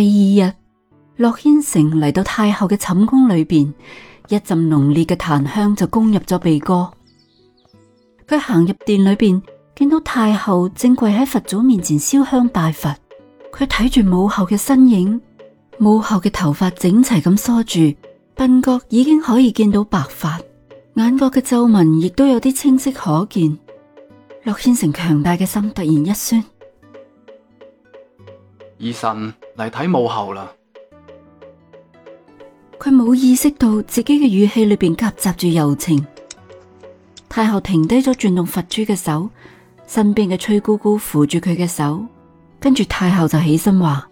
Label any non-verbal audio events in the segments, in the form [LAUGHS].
第二日，洛軒成嚟到太后嘅寢宮裏邊，一陣濃烈嘅檀香就攻入咗鼻哥。佢行入殿裏邊，見到太后正跪喺佛祖面前燒香拜佛。佢睇住母后嘅身影，母后嘅頭髮整齊咁梳住，鬢角已經可以見到白髮，眼角嘅皺紋亦都有啲清晰可見。洛軒成強大嘅心突然一酸，兒臣，嚟睇母後啦！佢冇意識到自己嘅語氣裏邊夾雜住柔情。太後停低咗轉動佛珠嘅手，身邊嘅崔姑姑扶住佢嘅手，跟住太后就起身話：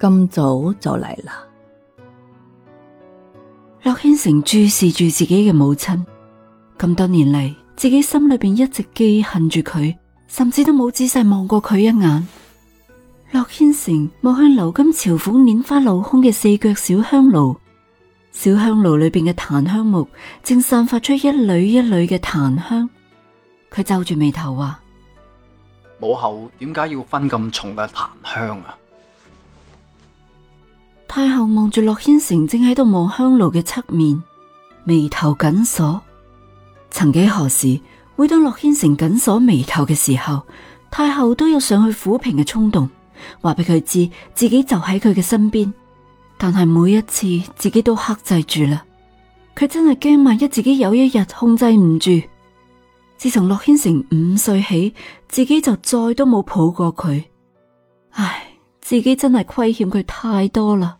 咁早就嚟啦！洛軒成注視住自己嘅母親，咁多年嚟，自己心裏邊一直記恨住佢，甚至都冇仔細望過佢一眼。洛軒成望向流金朝府蓮花鏤空嘅四腳小香爐，小香爐裏邊嘅檀香木正散發出一縷一縷嘅檀香。佢皺住眉頭話：母後點解要分咁重嘅檀香啊？太後望住洛軒成正喺度望香爐嘅側面，眉頭緊鎖。曾幾何時，每當洛軒成緊鎖眉頭嘅時候，太后都有上去撫平嘅衝動。話俾佢知自己就喺佢嘅身邊，但係每一次自己都克制住啦。佢真係驚萬一自己有一日控制唔住。自從洛軒成五歲起，自己就再都冇抱過佢。唉，自己真係虧欠佢太多啦。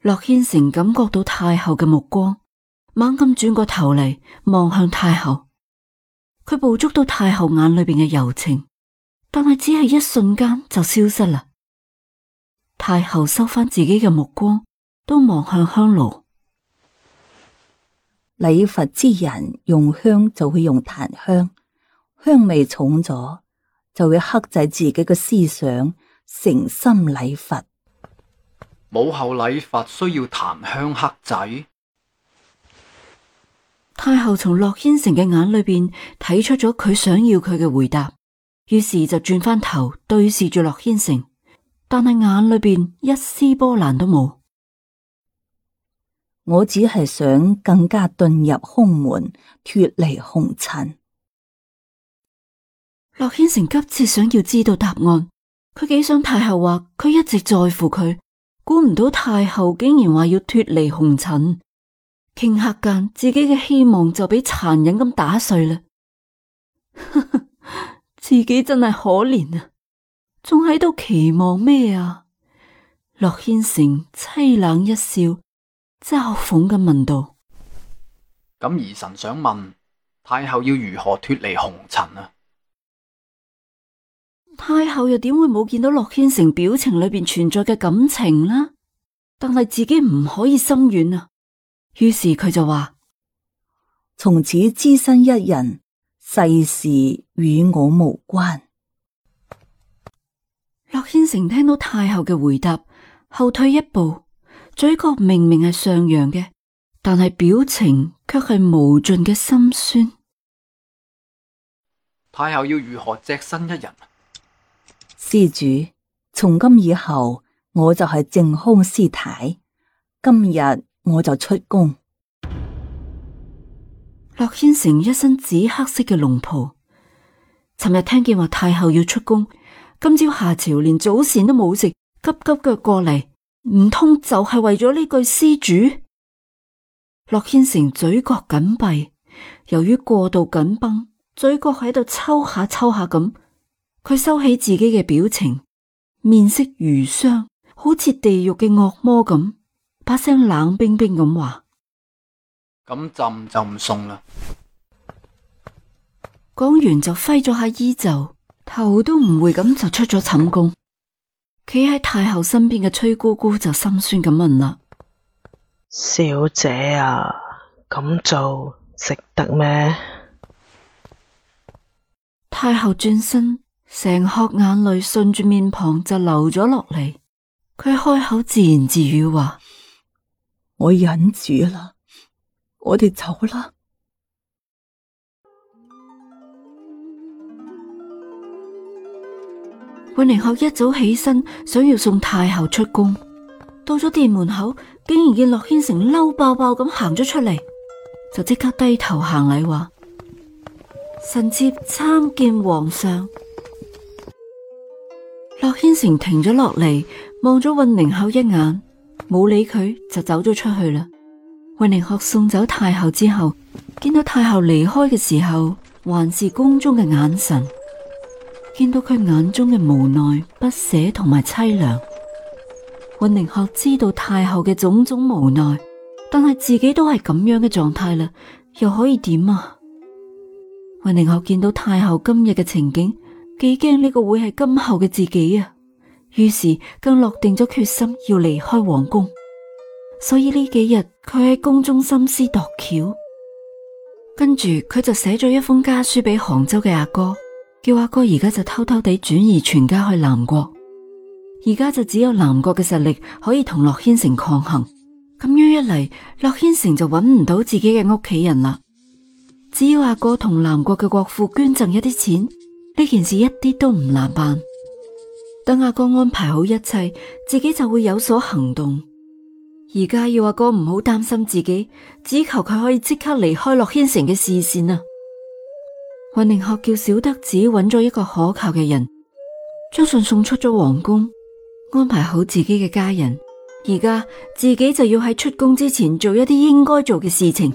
洛軒成感覺到太后嘅目光，猛咁轉過頭嚟望向太后，佢捕捉到太后眼裏邊嘅柔情。但係只係一瞬間就消失啦。太后收翻自己嘅目光，都望向香爐。禮佛之人用香就會用檀香，香味重咗就會克制自己嘅思想，誠心禮佛。母后禮佛需要檀香克制。太后從駱千成嘅眼裏邊睇出咗佢想要佢嘅回答。於是就轉翻頭對視住洛軒成，但係眼裏邊一絲波瀾都冇。我只係想更加遁入空門，脫離紅塵。洛軒成急切想要知道答案，佢幾想太后話佢一直在乎佢，估唔到太后竟然話要脫離紅塵。頃刻間，自己嘅希望就俾殘忍咁打碎啦。 [LAUGHS] 自己真係可憐啊，仲喺度期望咩啊？洛軒成凄冷一笑，嘲諷咁問道：咁兒臣想問太后要如何脫離紅塵啊？太后又點會冇見到洛軒成表情裏邊存在嘅感情呢？但係自己唔可以心軟啊，於是佢就話：從此隻身一人。世事與我無關。洛憲成聽到太后嘅回答，後退一步，嘴角明明係上揚嘅，但係表情卻係無盡嘅心酸。太后要如何隻身一人？施主，從今以後我就係淨空師太，今日我就出宮。洛軒成一身紫黑色嘅龍袍，尋日聽見話太后要出宮，今朝下朝連早膳都冇食，急急腳過嚟，唔通就係為咗呢句施主？洛軒成嘴角緊閉，由於過度緊繃，嘴角喺度抽下抽下咁，佢收起自己嘅表情，面色如霜，好似地獄嘅惡魔咁，把聲冷冰冰咁話。咁朕就唔送啦。講完就揮咗下衣袖，頭都唔回咁就出咗寢宮。企喺太后身邊嘅崔姑姑就心酸咁問啦：，小姐啊，咁做值得咩？太后轉身，成顆眼淚順住面龐就流咗落嚟。佢開口自言自語話：，我忍住啦。我哋走啦！運寧后一早起身，想要送太后出宮，到咗殿門口，竟然見洛軒成嬲爆爆咁行咗出嚟，就即刻低頭行禮話：臣妾參見皇上。洛軒成停咗落嚟，望咗運寧后一眼，冇理佢，就走咗出去啦。韋寧學送走太后之後，見到太后離開嘅時候，還是宮中嘅眼神，見到佢眼中嘅無奈、不捨同埋淒涼。韋寧學知道太后嘅種種無奈，但係自己都係咁樣嘅狀態啦，又可以點啊？韋寧學見到太后今日嘅情景，幾驚呢個會係今後嘅自己啊！於是更落定咗決心要離開皇宮。所以呢幾日佢喺宮中心思度巧，跟住佢就寫咗一封家書俾杭州嘅阿哥，哥，叫阿哥而家就偷偷地轉移全家去南國。而家就只有南國嘅實力可以同洛軒城抗衡，咁樣一嚟，洛軒城就搵唔到自己嘅屋企人啦。只要阿哥同南國嘅國父捐贈一啲錢，呢件事一啲都唔難辦。等阿哥，哥安排好一切，自己就會有所行動。而家要阿哥唔好擔心自己，只求佢可以即刻離開樂軒城嘅視線啊！雲寧學叫小德子揾咗一個可靠嘅人，將信送出咗皇宮，安排好自己嘅家人。而家自己就要喺出宮之前做一啲應該做嘅事情。